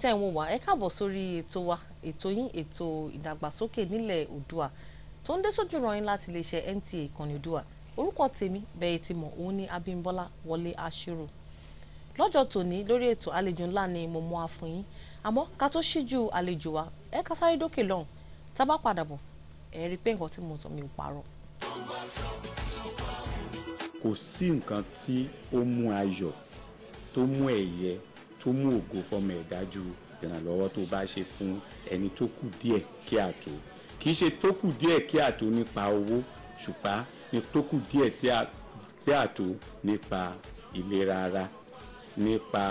ẹ̀yin tẹ́ ń wò wá ẹ káàbọ̀ sórí ètò wa ètò yín ètò ìdàgbàsókè nílẹ̀ Oòduà tó ń dé sójú ranyìn láti iléeṣẹ́ NTA ìkànnì Oòduà orúkọ tèmi bẹ́ẹ̀ ti mọ̀ òun ni Abímbọ́lá Wọlé Aṣírò lọ́jọ́ tòní lórí ètò àlejò ńlá ni mo mú a fún yín àmọ́ ká tó ṣíjú àlejò wa ẹ ká sáré dókè lọ́hùn tá a bá padà bọ̀ ẹ rí i pé nǹkan tí mo sọ mi ò parọ́. kò sí nǹkan tí ó mú ayọ̀ tó mú ẹ̀yẹ tó mú ògo fọmọ ẹ̀dá ju ìrànlọ́wọ́ tó bá ṣe fún ẹni tó kù díẹ̀ kí àtò kì í ṣe tó kù díẹ̀ kí àtò nípa owó ṣùgbọ́n ní tó kù díẹ̀ kí àtò nípa ìlera ara nípa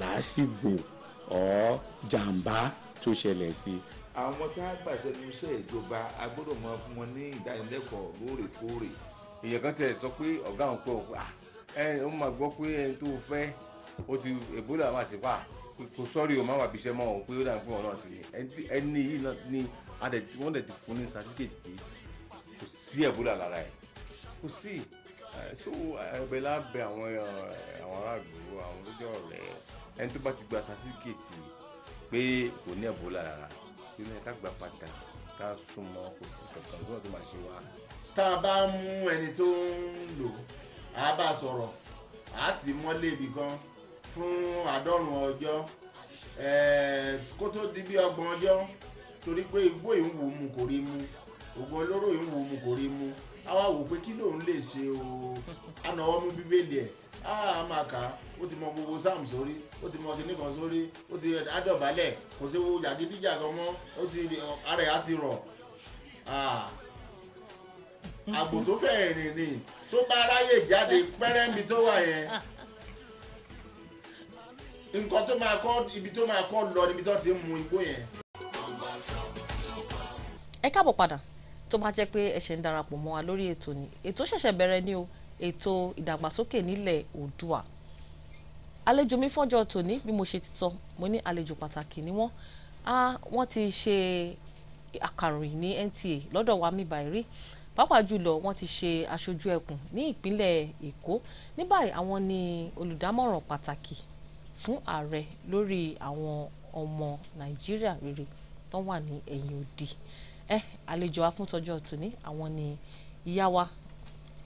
làásìgbò ọ̀ jàǹbá tó ṣẹlẹ̀ sí i àwọn tá a gbà sẹ́nu iṣẹ́ ìjọba a gbọ́dọ̀ máa fún wọn ní ìdánilẹ́kọ̀ọ́ lóòrèkóòrè èèyàn kan tẹ̀ sọ pé ọ̀gá òun pé òun ah, ẹni ó máa gbọ́ pé ẹni tó fẹ́ ó ti ebola máa ti wà kò sọ́ọ́rì o máa wà bíṣẹ́ mọ́ o pé ó dàbí wọn náà sí ẹni yìí ni wọ́n dẹ̀ ti fún ní certificate pé kò sí ebola lára ẹ̀ kò sí so ẹ̀bẹ̀ lábẹ́ àwọn àwọn aráàlú àwọn lójó ọ̀rẹ́ ẹni tó bá ti gba certificate pé kò ní ebola lára nínú ẹ̀ka gbà padà ká súnmọ́ kò sí kankan tó máa ṣe wá. tá a bá mú ẹni tó ń lò a bá sọ̀rọ̀ a ti mọ́lé ibì kan fún àádọ́rùn ọjọ́ kó tó di bí ọgbọ̀n ọjọ́ torí pé igbó yìí ń wù mú kò rí mu oògùn olóró yìí ń wù mú kò rí mu a wá wò pé kí lòun lè ṣe o ànáwọ́ mú bíbélì ẹ̀ a máa kà á ó ti mọ gbogbo sam sórí ó ti mọ kinní kan sórí ó ti adọ̀bálẹ̀ kò sí wo jàgídíjàgan mọ́ ó ti ara ẹ̀ á ti rọ̀ àgbò tó fẹ́ rìn ni tó bá ráyè jáde pẹ́rẹ́mì tó wà yẹn nǹkan tó máa kọ́ ibi tó máa kọ́ lọ níbi tó ti ń mu igbó yẹn. ẹ káàbọ̀ padà tó bá jẹ́ pé ẹ ṣe ń darapọ̀ mọ́ wa lórí ètò ni ètò ṣẹ̀ṣẹ̀ bẹ̀rẹ̀ ni o ètò ìdàgbàsókè nílẹ̀ oòdùà àlejò mi fọ́jọ́ tòní bí mo ṣe ti sọ mo ní àlejò pàtàkì ni wọ́n wọ́n ti ṣe akàròyìn ní NTA lọ́dọ̀ wa mi báyìí pàápàá jùlọ wọ́n ti ṣe aṣojú ẹkùn ní ìpínlẹ̀ Èkó ní báyìí àwọn ni olùdámọ̀ràn pàtàkì fún ààrẹ lórí àwọn ọmọ Nàìjíríà rere tó wà ní ẹ̀yìn odi ẹ àlejò wa fún tọjọ́ tòní àwọn ni ìyá wa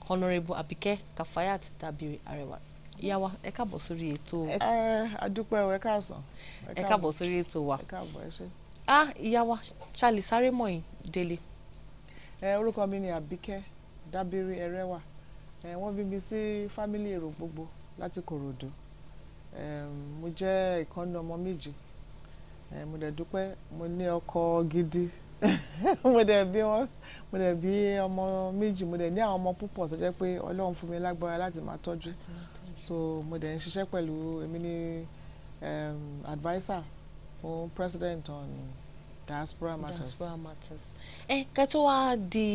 honourable Abike Kafayat Dabiri Arewa ìyá wa ẹ káàbọ̀ sórí ètò. ẹ adúpẹ́ ẹ káàsán. ẹ káàbọ̀ sórí ètò wa. ẹ káàbọ̀ ẹ ṣé. ah ìyá wa ṣàlè sáré mọ́ ẹ̀ délé orúkọ mi ni àbíkẹ́ dábírí ẹrẹ́wà wọ́n bí mi sí fámílì èrò gbogbo láti kòròdú mo jẹ́ ìkànnì ọmọ méjì mo dẹ̀ dúpẹ́ mo ní ọkọ gidi mo dẹ̀ bí wọn mo dẹ̀ bí ọmọ méjì mo dẹ̀ ní àwọn ọmọ púpọ̀ tó jẹ́ pé ọlọ́run fún mi lágbára láti máa tọ́jú so mo dẹ̀ ń ṣiṣẹ́ pẹ̀lú èmi ní adviser fún president on diaspora matters. diaspora matters. ẹ kẹ́ tó wá di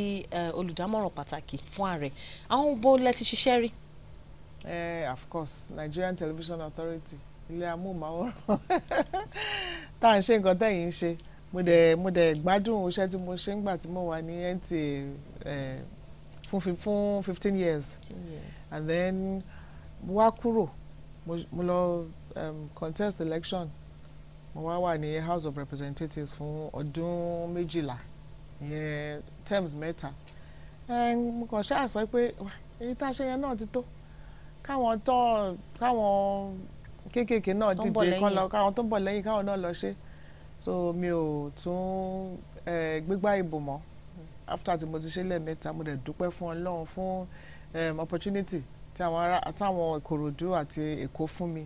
olùdámọ̀ràn pàtàkì fún ààrẹ àwọn bó lẹ ti ṣiṣẹ́ rí. ẹ of course Nigerian Television Authority ilé amóhùnmáwòrán tá à ń ṣe nǹkan tẹ̀yìn ń ṣe mo dẹ̀ mo dẹ̀ gbádùn iṣẹ́ tí mo ṣe ńgbà tí mo wà ní NTA fún fifteen years and then wá kúrò mo lọ um, contest election mo wá wà ní house of representatives fún ọdún méjìlá ìyẹn terms mẹ́ta mo kàn ṣáà sọ pé èyí tá a ṣe yẹn náà ti tó káwọn tó káwọn kéékèèké náà dìde káwọn tó ń bọ̀ lẹ́yìn káwọn náà lọ ṣe so mi ò tún gbígbá ìbò mọ́ after tí mo ti ṣe lẹ́ẹ̀mẹ́ta mo dẹ̀ dúpẹ́ fún Ọlọ́run fún opportunity tí àwọn Ìkòròdú àti Èkó fún mi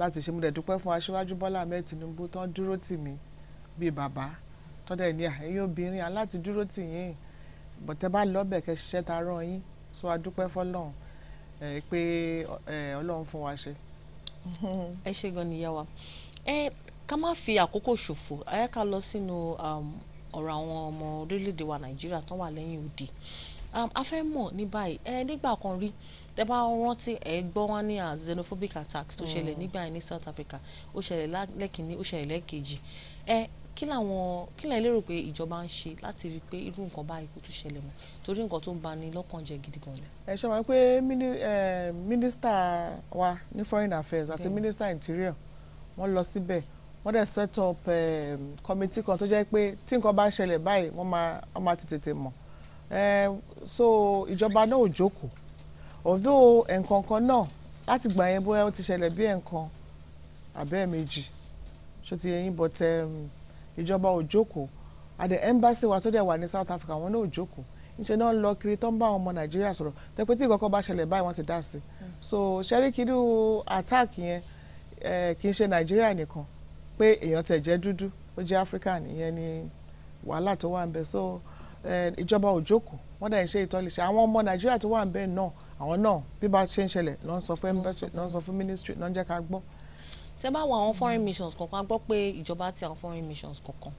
láti ṣe mo dẹ̀ dúpẹ́ fún aṣíwájú Bọ́lá Ahmed Tinubu tán dúró tì mí bíi bàbá tọ́dẹ̀ ní àyè obìnrin aláti dúró tì yín bọ̀tẹ́ bá lọ́bẹ̀ kẹ́ ṣiṣẹ́ ta rán yín so adúpẹ́ fọlọ́run pé Ọlọ́run fún wa ṣe. ẹ ṣe gan ni yàwá ẹ ká má fi àkókò ṣòfò ẹ lọ sínú um, ọ̀rọ̀ àwọn ọmọ orílẹ̀-èdè wa Nàìjíríà tán wà lẹ́yìn odi. Um, a fẹ́ mọ̀ ní báyìí ẹ nígbà kan rí tẹ bá rántí ẹ gbọ́ wọn ní ah, xenophobic attacks tó ṣẹlẹ̀ mm. nígbà yẹn ní South Africa ó ṣẹlẹ̀ lẹ́kìnní ó ṣẹlẹ̀ lẹ́kejì ẹ kí làwọn kí lẹ lérò pé ìjọba ń ṣe láti rí i pé irú nǹkan báyìí kò tún ṣẹlẹ̀ mọ́ torí nǹkan tó ń ba ni lọ́kàn jẹ́ gidi gan ni. ẹ ṣe máa ń pé mínísítà wa ní foreign affairs àti mínísítà interior wọ́n lọ síbẹ̀ wọ́n dẹ̀ set up committee kan tó jẹ́ pé tí nǹkan bá ń ṣẹlẹ̀ báyìí wọ́n máa tètè mọ̀ so ìjọba náà ò jókòó although ẹ̀ǹkan kan náà láti gbà yẹn bóyá ó ti ṣẹlẹ̀ bí ẹ̀ǹkan àbẹ́ẹ̀ méjì ṣó ti yẹn but um, ìjọba ò jókòó at the embassy wa tó dẹ̀ wà ní South Africa wọn náà ò jókòó ńṣe náà lọ kiri tó ń bá àwọn ọmọ nàìjíríà sọ̀rọ̀ tẹ́pẹ́ tí bá ṣẹlẹ̀ báyìí wọ́n ti dá sí hmm. so ṣẹ́ríkìrú attack yẹn kì í ṣe nàìjíríà nìkan pé èèyàn tẹ̀ jẹ́ dúdú ó jẹ́ áfíríkà nìyẹn ni wàhálà tó wà ń bẹ so. Eh, ìjọba ò jókòó wọ́n dẹ̀ ń ṣe ìtọ́lẹ̀ṣẹ̀ àwọn ọmọ nàìjíríà tó wà ń bẹ́ẹ̀ náà àwọn náà bí bá ṣe ń ṣẹlẹ̀ ló ń sọ fún embassy ló ń sọ fún ministry ló ń jẹ́ ká gbọ́. tẹ bá wo àwọn foreign missions kankan a gbọ́ pé ìjọba ti àwọn foreign missions kankan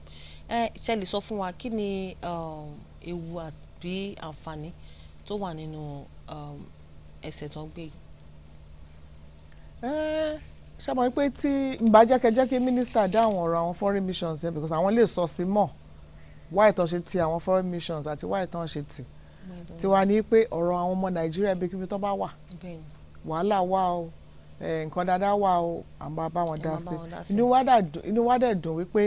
ẹ ṣe lè sọ fún wa kí ni um, ewu àbí àǹfààní tó wà nínú um, ẹsẹ̀ tó ń gbé yìí. ṣàmọ́ pé tí ń bá jẹ́kẹ́jẹ́ kí mínísítà dá ọ̀rọ̀ àwọn foreign missions yẹn because àwọn lè sọ sí mọ́ wá ìtàn ṣe ti àwọn foreign missions àti wá ìtàn ṣe ti tiwa ní pé ọ̀rọ̀ àwọn ọmọ nàìjíríà ibi kíbi tó bá wà wàhálà wà o nǹkan dáadáa wà o àmọ́ bá wọn dá sí inú wa dẹ̀ dùn wípé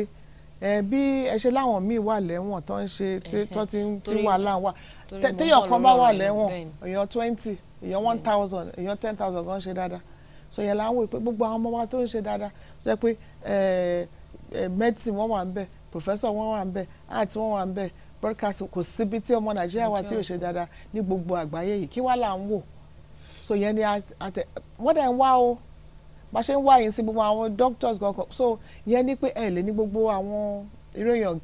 bí ẹ ṣe láwọn míì wà lẹ́wọ̀n tó ń ṣe tó ti ń tí wà láwọn téèyàn kan bá wà lẹ́wọ̀n èèyàn twenty èèyàn one thousand èèyàn ten thousand kan ṣe dáadáa so yẹn là ń wò pé gbogbo àwọn ọmọ wa tó ń ṣe dáadáa jẹ́ pé medicine wọ́n wà ń bẹ̀ professor wọn wà ń bẹ̀ àǹtí wọn wà ń broadcast kò síbi tí ọmọ nàìjíríà wà tí ò ṣe dáadáa ní gbogbo àgbáyé yìí kí wàá là ń wò so yẹn ni àtẹ wọ́n dẹ̀ ń wá o bá ṣe ń wá yìí sí gbogbo àwọn doctors kankan so yẹn ni pé ẹ lè ní gbogbo àwọn ìròyìn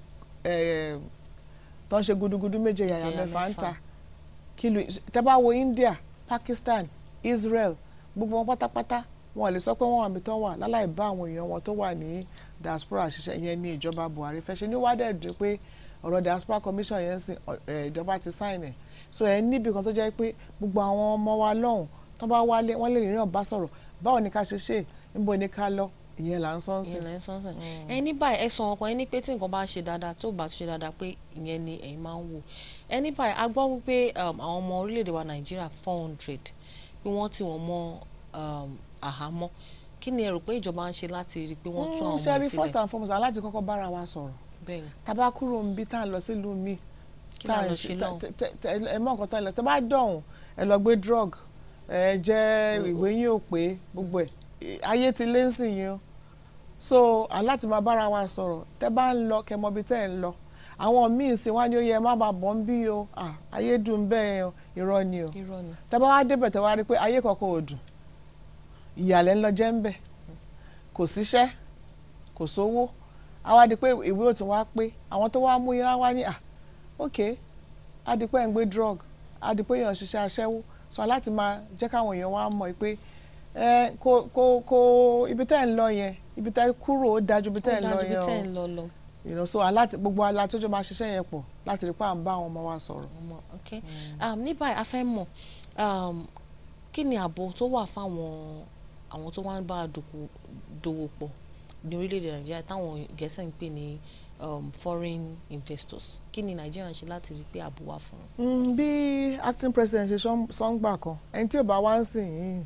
tó ń ṣe gudugudu méje yàyà mẹ́fà ń ta kìlù tẹ́ bá wo India Pakistan Israel gbogbo wọn pátápátá wọn lè sọ pé wọn wà mí tán wà láláì bá àwọn èèyàn wọn tó wà ní diaspora ṣiṣẹ́ ìyẹn ní ìjọba Buhari fẹ́ ṣe ní wá dẹ̀ dùn pé ọ̀rọ̀ diaspora commission yẹn sìn ìjọba ti sign ẹ̀ so ẹ̀ níbi kan tó jẹ́ pé gbogbo àwọn ọmọ wa lọ́hùn tó bá wálé wọ́n lè rìnrìn bá sọ̀rọ̀ báwo ni ká ṣe ṣe níbo ni ká lọ ìyẹn là ń sọ́nsìn. ìyẹn là ń sọ́nsìn. Mm. ẹ ní báyìí ẹ̀sùn ọkàn ẹ ní pé tí nǹkan bá ṣe dáadáa tó bá ṣe dáadáa pé ìyẹn ni ẹ̀yin máa ń wò ẹ báyìí a gbọ́ wípé um, àwọn ọmọ orílẹ̀-èdè wa Nàìjíríà four hundred pé wọ́n ti wọ́n mọ́ um, àhámọ́ kí ni ẹ rò pé ìjọba ń ṣe láti rí i pé wọ́n tún àwọn mm, ọmọ ìsílẹ̀. sẹ́rí first and foremost aláti kọ́kọ́ bára wa sọ̀rọ̀ tábà kúrò ń bí tá à ń lọ sílùú mi tá à ń ṣe ẹ mọ nǹkan tó ń lọ tó bá dọ̀hún ẹ lọ gbé drug ẹ jẹ ìwé yín ò pé gbogbo ẹ ayé ti lé ń sìn yín o so aláti máa bára wa sọ̀rọ̀ tẹ́ bá ń lọ kẹ́ mọ ibi tẹ́ ẹ̀ ń lọ àwọn míì sì wá ní ó yẹ má bàa bọ̀ ń bí o ayé dùn bẹ́ẹ̀ irọ́ ni o tẹ́ bá wá débẹ̀ tẹ́ wá rí i pé ayé kọ̀ọ̀kan ò dùn ìyàlẹ́ ńlọ jẹ́ ń bẹ̀ kò síṣẹ́ kò sówó àwa di pé ìwé ò ti wá pé àwọn tó wá mú yín wá ní à ok á di pé ẹ̀ ń gbé drug á di pé èèyàn ṣiṣẹ́ aṣẹ́wó so láti máa jẹ́ káwọn èèyàn wá mọ̀ pé ẹ kò kò kò ibi tẹ́ ń lọ yẹn ibi tẹ́ kúrò ó dájú ibi tẹ́ ń lọ yẹn o you know so aláti gbogbo alátójú máa ṣiṣẹ́ yẹn pọ̀ láti rí pé à ń bá àwọn ọmọ wa sọ̀rọ̀. Um, ní báyìí a fẹ́ mọ̀ um, kí ni ààbò tó wà fáwọn àwọn tó wá bá a dòwò pọ̀ ní orílẹ̀-èdè nàìjíríà táwọn gẹ̀ẹ́sẹ̀ ń pè ní um, foreign investors kí ni nàìjíríà ń ṣe láti rí pé ààbò fún. Hmm, bí acting president ṣe sọ́ngbà kan ẹni tí ò bá wá ń sìn yìí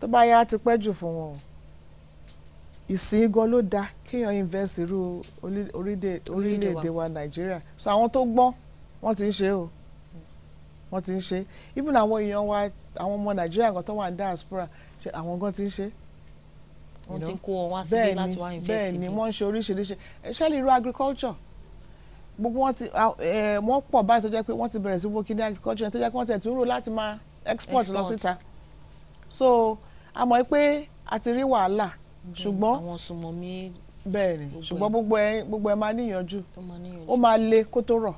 tó bá yá ti pẹ́ jù fún wọn ìsìn gan ló dáa kéèyàn invest irú orílẹ̀-èdè wa nàìjíríà so àwọn tó gbọ́n wọ́n ti ń ṣe o wọ́n ti ń ṣe even àwọn èèyàn wa àwọn ọmọ nàìjíríà kan tó wà ní diaspora ṣe àwọn gan ti ń ṣe. wọ́n ti kó wọn wá síbí láti wá invest bẹ́ẹ̀ ni wọ́n ń ṣe oríṣiríṣi ṣẹ́lì irú agriculture gbogbo wọn ti wọ́n pọ̀ báyìí tó jẹ́ pé wọ́n ti bẹ̀rẹ̀ sí wọ́kí ní agriculture tó jẹ́ pé wọ́n tẹ̀ tún rò láti máa export lọ síta so a mọ̀ pé a ti rí wàhálà ṣùgbọ́n àwọn sùnmọ̀ mi bẹ́ẹ̀ ni ṣùgbọ́n gbogbo gbogbo ẹ máa níyànjú ó máa le kó tó rọ̀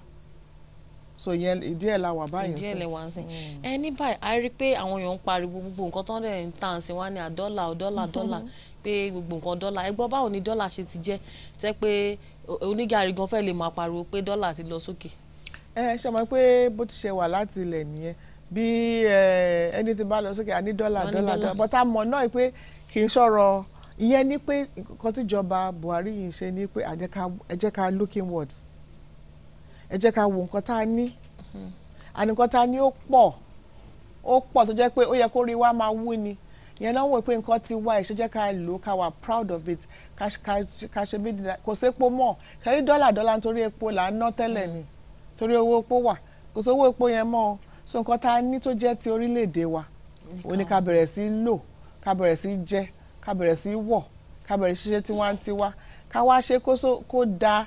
so yẹn ìdí ẹ̀ la wà báyìí sí. ìdí ẹ̀ lẹ wà sí. ẹ ní báyìí a rí i pé àwọn èèyàn ń pariwo gbogbo nǹkan tó ń dẹ̀ ń tàn sí wa ní àdọ́là ọ̀dọ́là dọ́là hmm. pé gbogbo nǹkan dọ́là ẹ gbọ́ báwo ni dọ́là ṣe ti jẹ́ tẹ́ pé onígàrí gan fẹ́ lè máa pariwo pé dọ́là ti lọ sókè. ẹ ṣe mọ̀ pé bó ti ṣe wà láti ilẹ̀ nìyẹn bí ẹni bá lọ sókè àní dọ́là dọ́là dọ́là but a mọ̀ náà pé kì ìyẹn ni pé nǹkan tíjọba Buhari yìí ṣe ni pé ẹ jẹ́ ká looking words ẹ jẹ́ ká wo nǹkan tá a ní àní nǹkan tá a ní ó pọ̀ ó pọ̀ tó jẹ́ pé ó yẹ kó rí wa máa wú ni yẹn náà wò pé nǹkan ti wá ẹ̀ ṣe jẹ́ ká lò ó ká wà proud of it ká ṣe bí kò sépo mọ̀ ṣe rí dọ́là dọ́là nítorí epo là ń ná tẹ́lẹ̀ ni torí owó epo wà kò sówó epo yẹn mọ́ o so nǹkan tá a ní tó jẹ́ ti orílẹ̀-èdè wa ó ní ká bẹ̀rẹ̀ sí lò ká bẹ̀rẹ̀ sí jẹ ká bẹ̀rẹ̀ sí wọ̀ ká bẹ̀rẹ̀ sí ṣe tiwantiwa ká wá ṣe kó dáa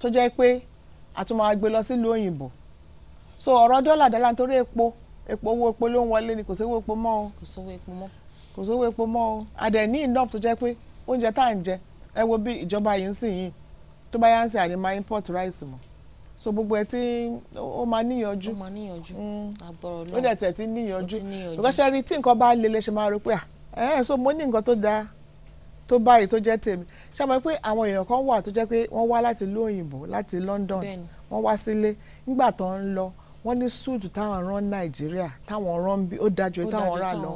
tó jẹ́ pé a tún máa gbé lọ sílùú òyìnbó so ọ̀rọ̀ dọ́là dọ́là nítorí epo epo owó epo ló ń wọlé ni kò sówó epo mọ́ o kò sówó epo mọ́ kò sówó epo mọ́ o adẹ̀ ní enough tó jẹ́ pé oúnjẹ tá à ń jẹ ẹ wo bí ìjọba yìí ń sìn yìí tó bá yá ń sìn àní máa import rice mọ́ so gbogbo ẹ tí ó máa níyànjú ó máa níyànjú àbọ̀rọ̀ mm. lọ ó dẹ̀ tẹ̀ tí níyànjú because ṣe rí tí nǹkan bá le lè máa rò pé ẹ̀ ah, ẹ́ eh, so mo ní nǹkan tó dáa tó báyìí tó jẹ́ tèmi ṣàmọ́ pé àwọn èèyàn kan wà tó jẹ́ pé wọ́n wá láti ìlú òyìnbó láti London wọ́n wá sílé nígbà tó ń lọ wọ́n ní súùtù táwọn rán Nàìjíríà táwọn rán bí ó dájú pé táwọn rà lọ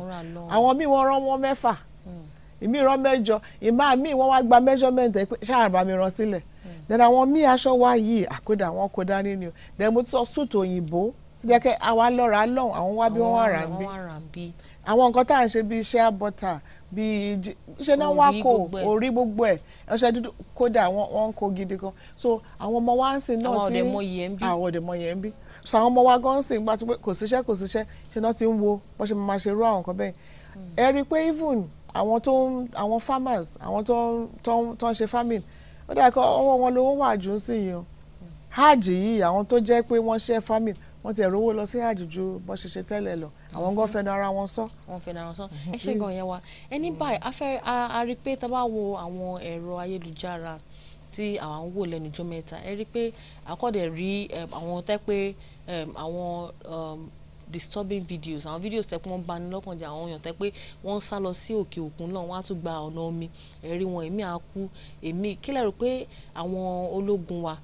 àwọn míì wọ́n rán wọn mẹ́fà hmm. ìmí rán mẹ́jọ ìmá míì wọ́n wá gba measurement ẹ̀ pé ṣáà mi rán sílẹ̀ hmm. then àwọn míì aṣọ wá yìí àkódà wọn kó dání ni o then mo sọ súùtù òyìnbó jẹ́ kẹ́ àwa lọ́ra lọ́hùn àwọn wá bí wọ́n wà rà ń bí àwọn nǹkan tá à ń ṣe bíi iṣẹ́ àbọ̀tà bíi ṣe náà wá kó orí gbogbo ẹ̀ ọṣẹ dúdú kódà wọ́n ń kó gidi gan so àwọn ọmọ wa ń sìn náà tí ah, àwọn ọ̀dẹ̀mọ yẹn ń bí so àwọn ọmọ wa gan ń sìn gba tó pé kò síṣẹ́ kò síṣẹ́ ṣe náà ti ń wo wọ́n ṣe máa ṣe rú àwọn nǹkan bẹ́ẹ̀ hmm. ẹ rí i pé even àwọn tó ń àwọn farmers àwọn tó ń tó ń ṣe farming ó dàgbà ọwọ́ wọn lówó wà jù ú sí yìí o hmm. hajj yìí àwọn tó jẹ́ pé wọ́n ṣe farming wọ́n ti ẹ̀rọ owó lọ sí àjùjú bó ṣe ṣe tẹ́lẹ̀ lọ àwọn gan fẹnu ara wọn sọ. wọn fẹnu ara wọn sọ ẹ ṣe gan yẹn wa ẹni báyìí a fẹ́ a rí i pé tá a bá wo àwọn ẹ̀rọ ayélujára tí àwọn ń wò lẹ́nu jọ́ mẹ́ta ẹ rí i pé àkọ́dẹ̀ rí eh, àwọn tẹ́ pé eh, àwọn um, disturbing videos àwọn videos tẹ́ pé wọ́n bani lọ́kàn jẹ́ àwọn èèyàn tẹ́ pé wọ́n ń sá lọ sí òkè òkun náà wọ́n á tún gba ọ̀nà omi ẹ̀rí wọn èmi á èmi kílẹ̀ rò pé àwọn ológun wa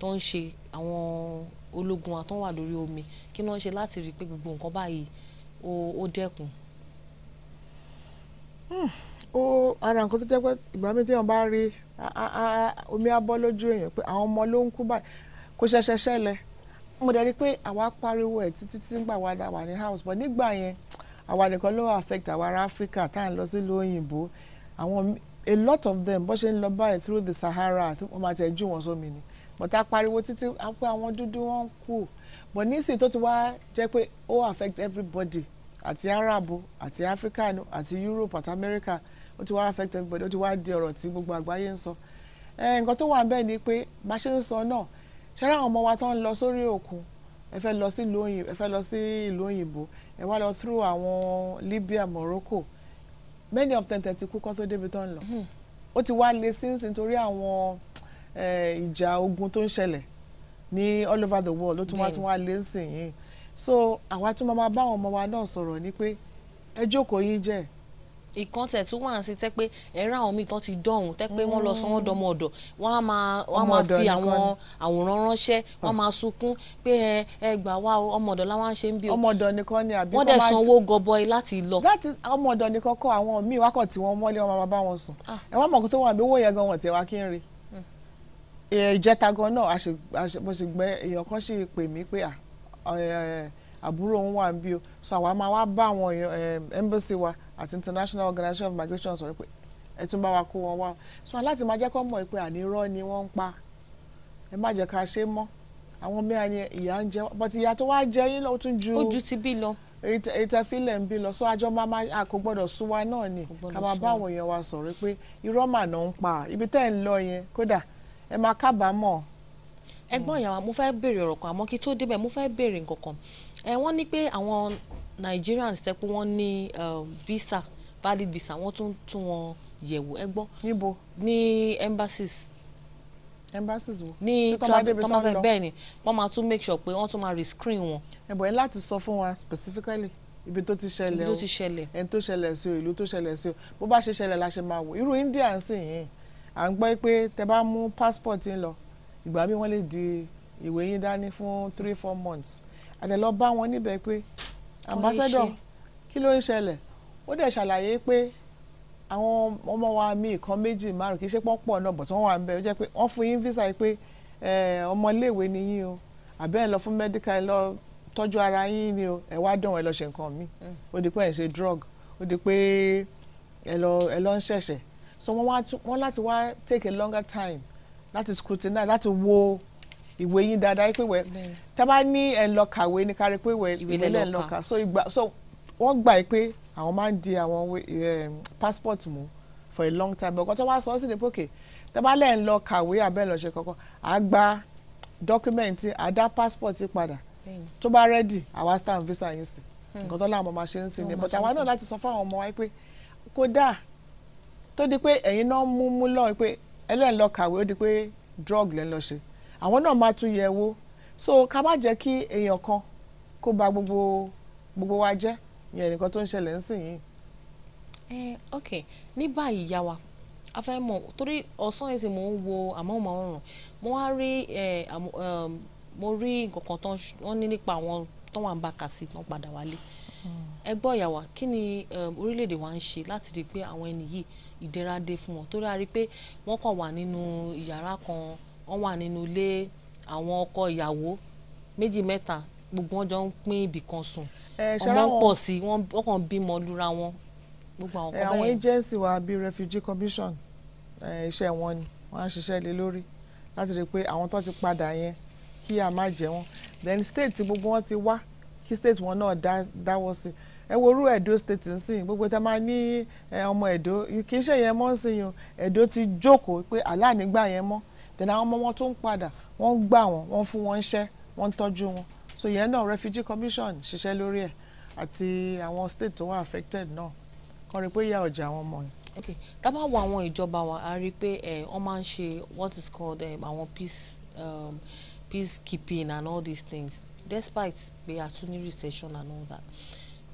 tó ń ṣe àwọn ológun àtọ́ wà lórí omi kí wọ́n ṣe láti rí i pé gbogbo nǹkan báyìí ó dẹ́kun. Hmm, ó ara nǹkan tó jẹ́ pé ìgbà mi téèyàn bá rí omi abọ́ lójú èèyàn pé àwọn ọmọ ló ń kú báyìí kò ṣẹ̀ṣẹ̀ ṣẹlẹ̀ mo dẹ̀ rí i pé àwa pariwo ẹ̀ títí tí ń gbà wá dà wà ní house but nígbà yẹn àwa nìkan ló affect àwa ará Africa tá à ń lọ sílùú òyìnbó àwọn a lot of them bó ṣe ń lọ báyìí through the Sahara wọ́n máa tẹ̀ ju wọn sómi ni bọ̀tá pariwo títí pé àwọn dúdú wọn ń kú bọ̀ nísìnyí tó ti wá jẹ́ pé ó affect everybody àti arabu àti african àti europe àti america ó ti wá affect everybody ó ti wá di ọ̀rọ̀ tí gbogbo àgbáyé ń sọ nǹkan tó wà ń bẹ̀ ni pé bá ṣe ń sọ náà ṣẹ́rẹ́ àwọn ọmọ wa tó ń lọ sórí òkun ẹ fẹ́ lọ sí ìlú òyìnbó ẹ wá lọ through àwọn libya morocco many of them tẹ̀ ti kú kán tó débi tó ń lọ hmm. ó ti wá le sínsìn torí àwọn ìjà ogun tó ń ṣẹlẹ̀ ní all over the world ló tún wá tún wá lé nsìn so àwa tún máa bá àwọn ọmọ wa náà sọ̀rọ̀ ni pé ẹ jókòó yín jẹ́ ìkan tẹ̀ tún wà sí tẹ́ pé ẹ̀rọ àwọn míì tán ti dọ̀hún tẹ́ pé wọ́n lọ sọ wọ́n hmm. dọmọ ọ̀dọ̀ wọ́n á máa wọ́n á máa fi àwọn àwòrán ránṣẹ́ wọ́n á máa sunkún pé ẹ ẹ gbà wá ọmọ ọ̀dọ̀ làwọn á ṣe ń bí o. ọmọ ọ̀dọ̀ nìkan ni àbí wọ́n dẹ̀ sanwó gọbọi láti lọ. láti ọmọ ọ̀dọ̀ nìkan kọ́ àwọn míì wákọ̀ wọ́n mọ́lé wọn máa bá wọn sùn ah. ẹ wọ́n mọ̀ kó tó wà bí owó yẹn gan wọn tiẹ̀ wá kí n rí Eh, ìjẹta gan náà mo sì gbẹ èèyàn kan sì pè mí pé àbúrò òun wà níbí o so àwa máa wá bá àwọn eh, embassy wa àti international organisation of migration sọ̀rọ̀ pé ẹ tún bá wa kó wọn wá so aláti máa jẹ́ kó mọ̀ pé ànírọ́ ni wọ́n ń pa ẹ má jẹ́ ká ṣe mọ́ àwọn mẹ́rin ni ìyá ń jẹ́ but ìyá tó wá jẹ́ yín ló tún ju ojú ti bí lọ ìtẹ̀fílẹ̀ ń bí lọ so àjọ máa máa a kò gbọ́dọ̀ sún wa náà ni ká máa bá àwọn èèyàn wa sọ̀rọ̀ pé irọ́ mà náà ń pa ibi tẹ́ ń lọ yẹn kódà ẹ máa kábàámọ̀. ẹ̀gbọ́n ìyàwó mo fẹ́ béèrè ọ̀rọ̀ kan àmọ́ kí tó débẹ̀ mo fẹ́ béèrè nǹkan kan ẹ wọ́n ní pé àwọn Nigerians tẹ́ pé wọ́n ní um, visa valid visa wọ́n tún tún wọn yẹ̀wò ẹ gbọ́. níbo ní embassies embassies wo. ní tọ́mọ̀fẹ́ bẹ́ẹ̀ ni wọ́n máa tún make sure pé wọ́n tún máa rescreen wọn. ẹ̀bùn ẹ̀ láti sọ fún wa specifically ibi tó ti ṣẹlẹ̀ o ibi tó ti ṣẹlẹ̀ ẹni tó ṣẹlẹ̀ sí o ìlú tó ṣẹlẹ̀ sí o bó bá ṣe ṣẹlẹ̀ la ṣe máa wò irú India yìí à ń gbọ́ pé tẹ bá mú passport ń lọ ìgbà bí wọ́n lè di ìwé yín dání fún three four months àdè lọ bá wọn níbẹ̀ pé ambassador kí ló ń ṣẹlẹ̀ ó dẹ̀ ṣàlàyé pé àwọn ọmọ wa mi kan méjì márùn kì í ṣe pọ́pọ̀ náà bọ̀ tí wọ́n wà ń bẹ̀ ó jẹ́ pé wọ́n fún yín visa yìí pé ọmọléèwé ni yín o àbẹ́ ẹ̀ lọ fún medical ẹ̀ lọ tọ́jú ara yín ni o ẹ̀ wá dán ẹ̀ lọ ṣe nǹkan mi mm. ó di pé ẹ̀ ṣe drug ó di pé ẹ̀ lọ ń ṣẹ̀ṣẹ̀ so wọ́n wọ́n láti wá take a longer time láti scrutinize láti wo ìwé yín dáadáa pé wẹ́ tẹ́ bá ní ẹ̀ lọ kàwé ní kárí pé wẹ́ ìwé lẹ̀ lọ kà so ìgbà so wọ́n gbà pé àwọn máa ń di àwọn passport mú for a long time ọkọ tó wá sọ sí ni pókè tẹ́ bá lẹ̀ ń lọ kàwé abẹ́ lọ ṣe kọ́kọ́ à gba dọ́kúmẹ̀ntì à dá passport padà tó bá rẹ́dì àwa stamp visa yín sí hmm. nǹkan tó láwọn ọmọ máa ṣe ń sin ni but àwa náà láti sọ fún àwọn ọmọ wa pé kódà tó di pé ẹ̀yin náà mú mú lọ́rùn pé ẹlẹ́yìn lọ kàwé ó di pé drug lẹ́ ń lọ ṣe àwọn náà máa tún yẹ̀ wò so ká má jẹ́ kí èèyàn kan kó bà gbogbo gbogbo wa jẹ́ ìyẹn nìkan tó ń ṣẹlẹ̀ ń sìn yìí. ẹ ok ní báyìí yá wa a torí ọ̀sán yìí sì mò ń wo àmóhùnmáwòrán mo wá rí mo rí nǹkan kan tán wọ́n ní nípa àwọn tó wà ń bá kàsí tán padà wálé hmm. ẹ gbọ́ ìyá wa kí ni orílẹ̀-èdè wa ń ṣe láti rí pé àwọn ẹni yìí ìdẹ̀ra dé fún wọn torí a rí i pé wọ́n kàn wà nínú yàrá kan wọ́n wà nínú ilé àwọn ọkọ ìyàwó méjì mẹ́ta gbogbo wọn jọ ń pín ibì kan sùn ọmọ ń pọ̀ sí wọ́n kàn bímọ lura wọn gbogbo àwọn kan bẹ́ẹ̀. àwọn agency wa bíi refugee commission iṣẹ́ wọn ni wọ́n á ṣiṣẹ́ lé lórí láti rí i pé àwọn tó ti padà yẹn kí a má jẹ wọn then state tí gbogbo wọn ti wá kí state wọn náà dáwọ́ sí i ẹ worú Ẹ̀dó state nsìn gbogbo tẹ máa ní ọmọ Ẹ̀dó kì í ṣe yẹn mọ́ nsìn yìí Ẹ̀dó ti jókòó pé aláàní gbà yẹn mọ́ tẹ̀lé àwọn ọmọ wọn tó ń padà wọ́n gbà wọ́n wọ́n fún wọn iṣẹ́ wọ́n tọ́jú wọn so yẹn náà refugee commission ṣiṣẹ́ lórí ẹ̀ àti àwọn state tó wà affected náà kàn rí pé yá ọjà àwọn ọmọ yìí ok tá bá wo àwọn ìjọba wa a rí i pé wọ́n máa ń ṣe what is called um, àwọn peace um, peacekeeping and all these things despite pé a tún ní recession and all that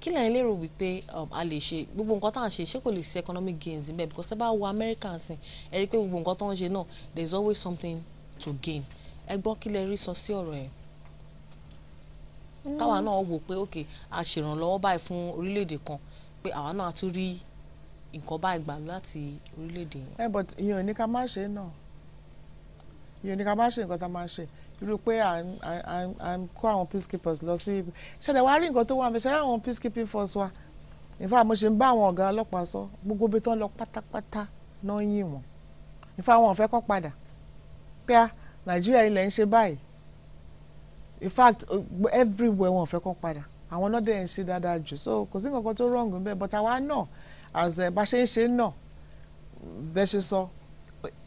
kí lẹ́yìn lérò wípé um, a lè ṣe gbogbo nǹkan tá à ń ṣe ṣé kò lè sí economic gains níbẹ̀ because tẹ́ bá wo America sí ẹ rí i pé gbogbo nǹkan tó ń ṣe náà there is always something to gain ẹ gbọ́ kí lẹ rí sọ sí ọ̀rọ̀ ẹ̀ káwa náà wò pé ok a ṣèrànlọ́wọ́ báyìí fún orílẹ̀-èdè kan pé àwa náà tún rí nǹkan báyìí gbà láti orílẹ̀-èdè yẹn. ẹ eh, but ìyẹn má ṣe náà ìyẹn má ṣe nǹkan tá a máa ṣe irú pé I'm, ń kó àwọn peacekeepers lọ sí ibi ṣẹlẹ̀ wá rí nǹkan tó wà mí ṣẹlẹ̀ àwọn peacekeeping force wa ìfà mo ṣe ń bá àwọn ọ̀gá ọlọ́pàá sọ gbogbo ibi tán lọ pátápátá náà yìn wọ́n ìfà àwọn ọ̀fẹ́ kan padà pé a nàìjíríà ilẹ̀ ń ṣe báyìí in fact everywhere wọn ọ̀fẹ́ kan padà àwọn náà dẹ̀ ń ṣe dáadáa jù so kò sí nǹkan tó wrong bẹ́ẹ̀ but àwa náà as eh, bá ṣe ń ṣe náà bẹ́ẹ̀ ṣe sọ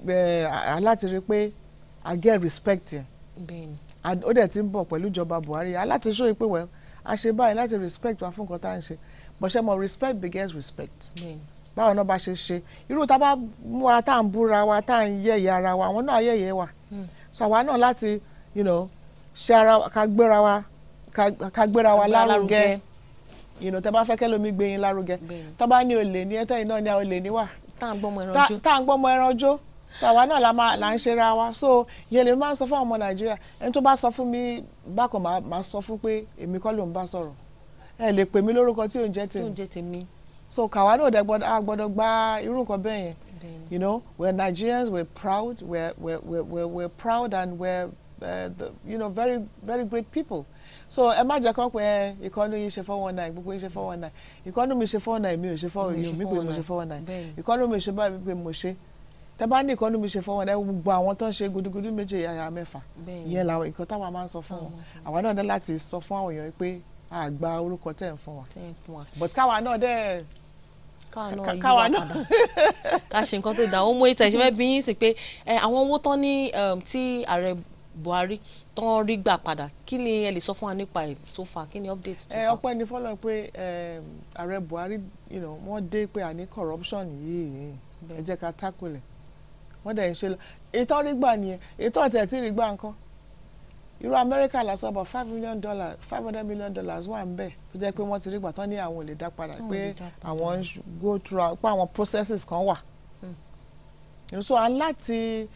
eh, aláti rí i pé i get respect yẹn ó dẹ̀ ti ń bọ̀ pẹ̀lú ìjọba Buhari aláti ṣó ìpè wẹ̀ a ṣe báyìí láti respect wa fún nǹkan tá à ń ṣe bọ̀ṣẹ́ mọ respect begets respect báwọn náà bá ṣe ṣe irú tá a bá múra tá à ń búra wa tá à ń yẹ̀yẹ́ ara wa àwọn náà yẹ̀yẹ́ wa hmm. so àwa náà láti you know ṣe ara ká gbéra wa ká gbéra wa lárugẹ you know tẹ bá fẹ́ kẹ́ lómi gbé yín lárugẹ tó bá ní olè ní ẹ́tẹ́yìn náà ní olè níwà tá à ń gbọ́mọ ẹranjó so àwa náà la máa là ń ṣe ra wa so ìyẹn lèmi máa ń sọ fún àwọn ọmọ nàìjíríà ẹni tó bá sọ fún mi bákan máa sọ fún pé èmi kọ́ ló ń bá sọ̀rọ̀ ẹ lè pè mí lórúkọ tí ò ń jẹ́ tèmi so kàwa náà dẹ gbọ́dọ̀ a gbọ́dọ̀ gba irú nǹkan bẹ́ẹ̀ yẹn you know we're Nigerians we're proud we're we're we're we're proud and we're uh, the, you know very very great people so ẹ má jẹ́ kán pé ẹ ìkọ́nú yìí ṣe four one nine gbogbo yìí ṣe four one nine ìkọ́nú mi ṣe four one nine mi ò ṣe four one nine mi pé mo ṣe four one nine ìkọ́nú mi ṣe báyìí pé mo ṣe tẹ bá ní ìkọ́nú mi ṣe fọwọ́n ẹ gbogbo àwọn tó ń ṣe gudugudu méje yàyà mẹ́fà ìyẹn làwọn nǹkan táwọn máa ń sọ fún wọn àwa náà dé láti sọ fún àwọn èèyàn pé àgbà orúkọ tẹ̀ ń fún wa but káwa náà dẹ́ káwa náà ká ṣe nǹkan tó dáa ó mú ètò ẹ̀ṣẹ̀ fẹ́ bí yín sí pé àwọn owó tán ní um, tí ààrẹ Buhari tán rí gbà padà kí ni ẹ lè sọ fún wa nípa ẹ̀ so far kí ni update tó fà. ọpẹ́ ni fọlọ pé um, ààrẹ Buhari wọ́n dé pé àní corruption yìí ẹ jẹ́ ká tákùlẹ̀ wọ́n dẹ̀ ń ṣe lọ ètò rígbà nìyẹn ètò ọ̀tẹ̀ tí rígbà nǹkan irú amẹ́ríkà lásán about five million dollars five hundred million dollars wà ń bẹ̀ tó jẹ́ pé wọ́n ti rígbà tán ní àwọn ò lè dá padà pé àwọn go through pé àwọn processes kan wà hmm. so aláti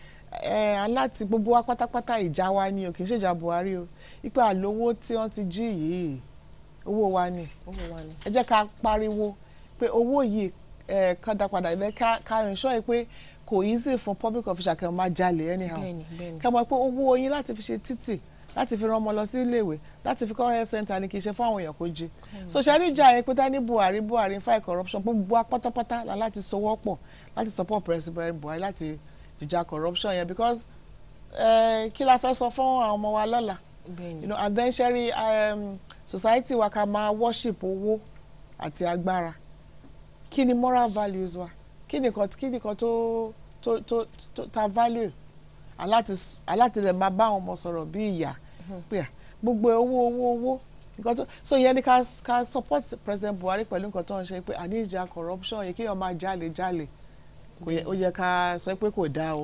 aláti gbogbo wa pátápátá ìjà wa ni o kì í ṣèjà Buhari o ipa àlówó tí wọ́n ti jí yìí owó wa ni ẹ jẹ́ ká pariwo pé owó yìí kọ́ dá padà ẹ ká ensure pé kò easy fún public official kẹ́ ẹ máa jalè anyhow kẹ́ ẹ mọ̀ pé owó yín láti fi ṣe títì láti fi rán ọmọ lọ sí iléèwé láti fi kọ́ health center ní kì í ṣe fún àwọn èèyàn kó jí so ṣàríjà yẹn pé dání Buhari Buhari fight corruption gbogbo apátápátá láti sowọ́ pọ̀ láti support President Buhari láti jìjà corruption yẹn because kí la fẹ́ sọ fún àwọn ọmọ wa lọ́la you know and then ṣẹ́rí um, society wa ká máa worship owó àti agbára kí ni moral values wa. Mm kí nìkan kí nìkan tó tó tó ta value aláti aláti lè máa bá àwọn ọmọ sọ̀rọ̀ bí ìyá mm-hmm. pé à gbogbo owó owó owó nǹkan tó so ìyẹn ni ká ká support President Buhari pẹ̀lú nǹkan tó ń ṣe pé àní corruption yìí kéèyàn máa jalè jalè kò yẹ ó yẹ ká sọ pé kò dáa o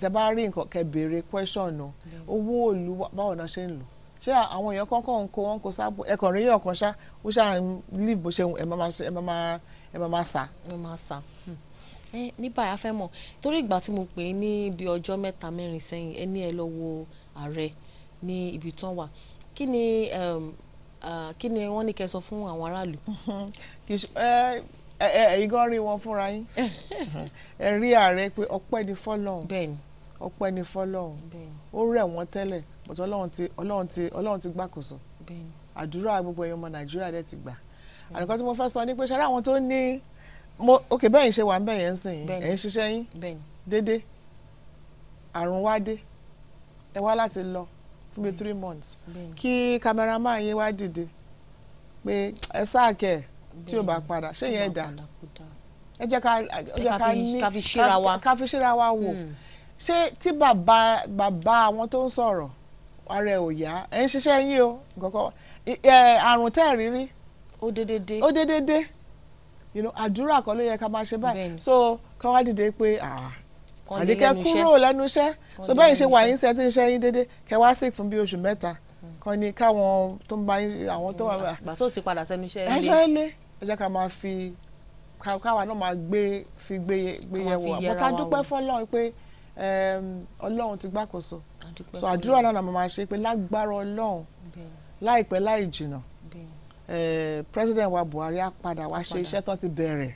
tẹ bá rí nǹkan kẹ béèrè question o owó òlu báwo náà ṣe ń lò ṣé àwọn èèyàn kọ́kọ́ ń kó wọn kó sábò ẹ̀kọ́ rí ọ̀kan ṣá ó ṣáà ń leave bó ṣe ẹ̀ máa ẹ̀ máa ẹ̀ máa sà. ẹ̀ máa sà ẹ eh, ní báyìí a fẹ́ mọ̀ torí ìgbà tí mo pè é ní ibi ọjọ́ mẹ́ta mẹ́rin sẹ́yìn ẹ ẹ lọ wo ààrẹ ní ibi tán wà kí ni ehm, kí ni wọ́n ní kẹ́ sọ fún àwọn aráàlú. ẹ̀yin gan rí wọn fúnra yín ẹ rí ààrẹ pé ọpẹ́ ni fọ́lọ́run ọpẹ́ ni fọ́lọ́run ó rẹ̀ wọ́n tẹ́lẹ̀ but ọlọ́run ti ọlọ́run ti ọlọ́run ti gbàkóso àdúrà gbogbo ẹ̀yọ́ ọmọ nàìjíríà dẹ̀ ti gbà àdìkọ́ tí mo fẹ́ sọ ni pé ṣe àwọn tó ní mo ok bẹ́ẹ̀ ṣe wà ń bẹ̀yẹn ń sìn yín ẹ̀ ń ṣiṣẹ́ yín dédé àrùn wá dé ẹ wá láti lọ fún mi three months kí cameraman yín wá dìde pé ẹ sáàkẹ́ ẹ̀ tí o bá padà ṣé yẹn dà ẹ jẹ́ ká ní ká fi ṣíra wa wò hmm. ṣé tí bàbá bàbá àwọn tó ń sọ̀rọ̀ ara ẹ̀ ò yá ẹ̀ ń ṣiṣẹ́ yín o àrùn tẹ́ẹ̀ rírí ó dédé dé you know àdúrà kan ló yẹ ká máa ṣe báyìí so ká wá dìde pé àdìkẹ́ kúrò lẹ́nu iṣẹ́ so bẹ́ẹ̀ ṣe wà yín ṣe ti ń ṣe yín déédéé kẹ́ wá sick fún bí oṣù mẹ́ta hmm. kan ni káwọn tó ń bá yín àwọn tó wà. ìgbà tó ti padà sẹ́nu iṣẹ́ ilé ẹjọ́ ilé ẹ jẹ́ ká máa fi káwa náà máa gbé fi gbé yẹ̀ wò àbọ̀tá dúpẹ́ fọlọ́run pé ehm, ọlọ́run ti gbàkóso so àdúrà náà máa ṣe pé lágbára ọlọ́run láìpẹ́ láì jìnnà Eh, president wa Buhari á padà wá ṣe iṣẹ́ tó ti bẹ̀rẹ̀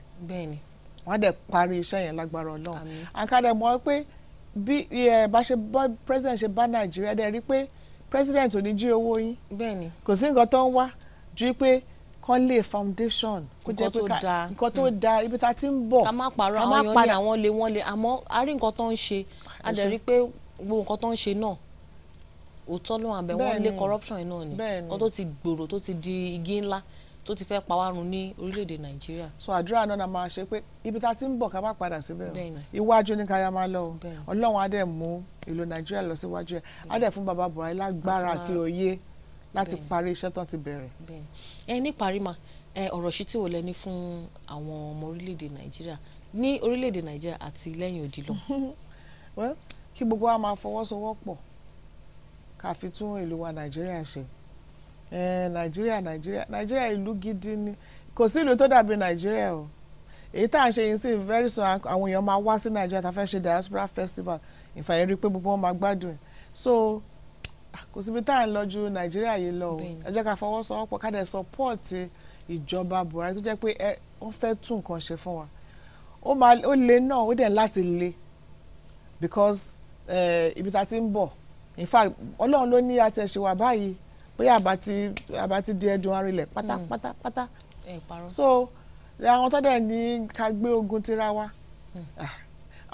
wọ́n á dẹ̀ parí iṣẹ́ yẹn lágbára Ọlọ́run àkàdé mọ̀ pé bí eh, bá ṣe bá president ṣe bá Nàìjíríà dẹ̀ rí pé president ò ní jí owó yín kò sí nǹkan tó ń wá ju pé kán lè foundation kó jẹ́ pé nǹkan tó hmm. dáa ibi tá a ti ń bọ̀ ká má parọ́ àwọn èèyàn ní àwọn lè wọ́n lè àmọ́ a rí nǹkan tó ń ṣe a dẹ̀ rí pé gbogbo nǹkan tó ń ṣe náà òótọ́ ló wà bẹ́ẹ̀ wọ́n lé corruption iná ni kan tó ti gbòòrò tó ti di igi ńlá tó ti fẹ́ pawárun ní orílẹ̀-èdè nàìjíríà. so àdúrà náà la máa ṣe pé ibi tá a ti ń bọ̀ ká má padà síbẹ̀ o iwájú ní ká yá máa lọ o ọlọ́run á dẹ̀ mú ìlú nàìjíríà lọ síwájú ẹ̀ á dẹ̀ fún bàbá buhari lágbára àti òye láti parí iṣẹ́ tán ti bẹ̀rẹ̀. ẹ ní parí ma ọ̀rọ̀ sí tí wò lẹ́ni fún àwọn ọmọ orílẹ̀-èdè nàìjíríà ní orílẹ̀-èdè nàìjíríà àti lẹ́yìn òdì lọ. well kí gbogbo wa máa fọwọ́sowọ́pọ̀ ká fi tún ìlú wa nàìjíríà ṣe nàìjíríà nàìjíríà nàìjíríà ìlú gidi ni kò sí ìlú tó dàbí nàìjíríà o èyí tá à ń ṣe yìí sí very soon àwọn èèyàn máa wá sí nàìjíríà tá a fẹ́ ṣe diaspora festival ìfàyè rí i pé gbogbo wọn máa gbádùn so kò síbi tá à ń lọ ju nàìjíríà yìí lọ o ẹ jẹ́ ká fọwọ́sowọ́pọ̀ ká dẹ̀ support ìjọba buhari tó jẹ́ pé wọ́n fẹ́ tún nǹkan ṣe fún wa ó le náà ó dẹ̀ láti le because ibi tá a ti ń bọ̀ in fact ọlọ́run ló ní àtẹ̀ṣe wa báyìí bóyá àbá ti di ẹdùn arinlẹ̀ pátápátápátá hmm. so àwọn tó dẹ̀ ní ká gbé ogun tira wa hmm. ah,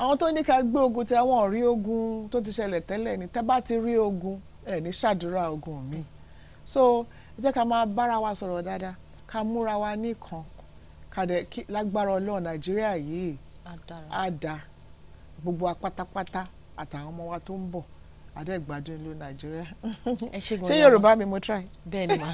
àwọn tó ní ká gbé ogun tira wọn rí ogun tó ti ṣẹlẹ̀ tẹ́lẹ̀ ní tẹ́ bá ti rí ogun ẹ̀ ní ṣàdúrà ogun mi so ẹ jẹ́ ká máa bára wa sọ̀rọ̀ dáadáa ká múra wa nìkan kàdé lágbára ọlọ́run nàìjíríà yìí á dáa gbogbo wa pátápátá àtàwọn ọmọ wa tó ń bọ̀ adẹ́gbádùn ìlú nàìjíríà ṣé yorùbá mi mo try. bẹ́ẹ̀ni ma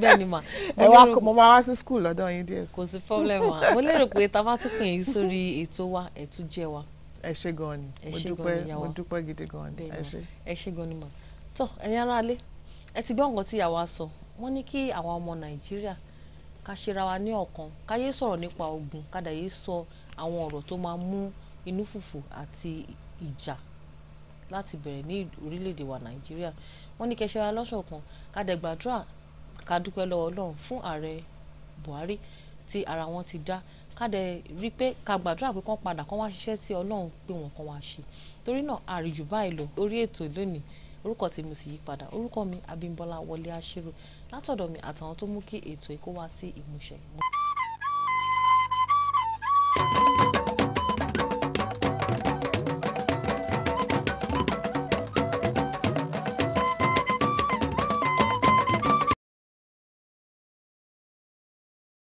bẹ́ẹ̀ni ma. ẹ wá mo máa wá sí school lọ́dọ̀ yín díẹ̀ sí. kò sí problem ma mo lérò pé ta bá tún pè yín sórí ètò wa ẹ tún jẹ́ wa. ẹ ṣé gan ni mo dúpẹ́ mo dúpẹ́ gidi gan ni ẹ ṣé. ẹ ṣé gan ni ma tọ ẹ̀yin aráalé ẹ ti gbọ́ nǹkan tí ìyá wa sọ wọ́n ní kí àwọn ọmọ nàìjíríà ká ṣera wa ní ọ̀kan ká yé sọ̀rọ̀ nípa ogun ká dà yé sọ àwọn ọ̀rọ̀ tó máa mú inú fùfù àti ìjà láti bẹ̀rẹ̀ ní orílẹ̀-èdè wa nàìjíríà wọ́n ní kẹsẹ̀ ara lọ́ṣọ̀kan kàdẹ̀gbàdúrà kàdúpẹ́ lọ́wọ́ ọlọ́run fún ààrẹ buhari tí ara wọn ti dá kàdẹ̀ rí pé kàgbàdúrà pé kán padà kán wá ṣiṣẹ́ tí ọlọ́run pé wọn kán wá ṣe torí náà àríjù báyìí lọ orí ètò lónìí orúkọ tí mo sì yí padà orúkọ mi abímbọ́lá wọlé aṣírò látọ̀dọ̀ mi àtàwọn tó mú kí ètò ìkó wá sí ìmúṣẹ.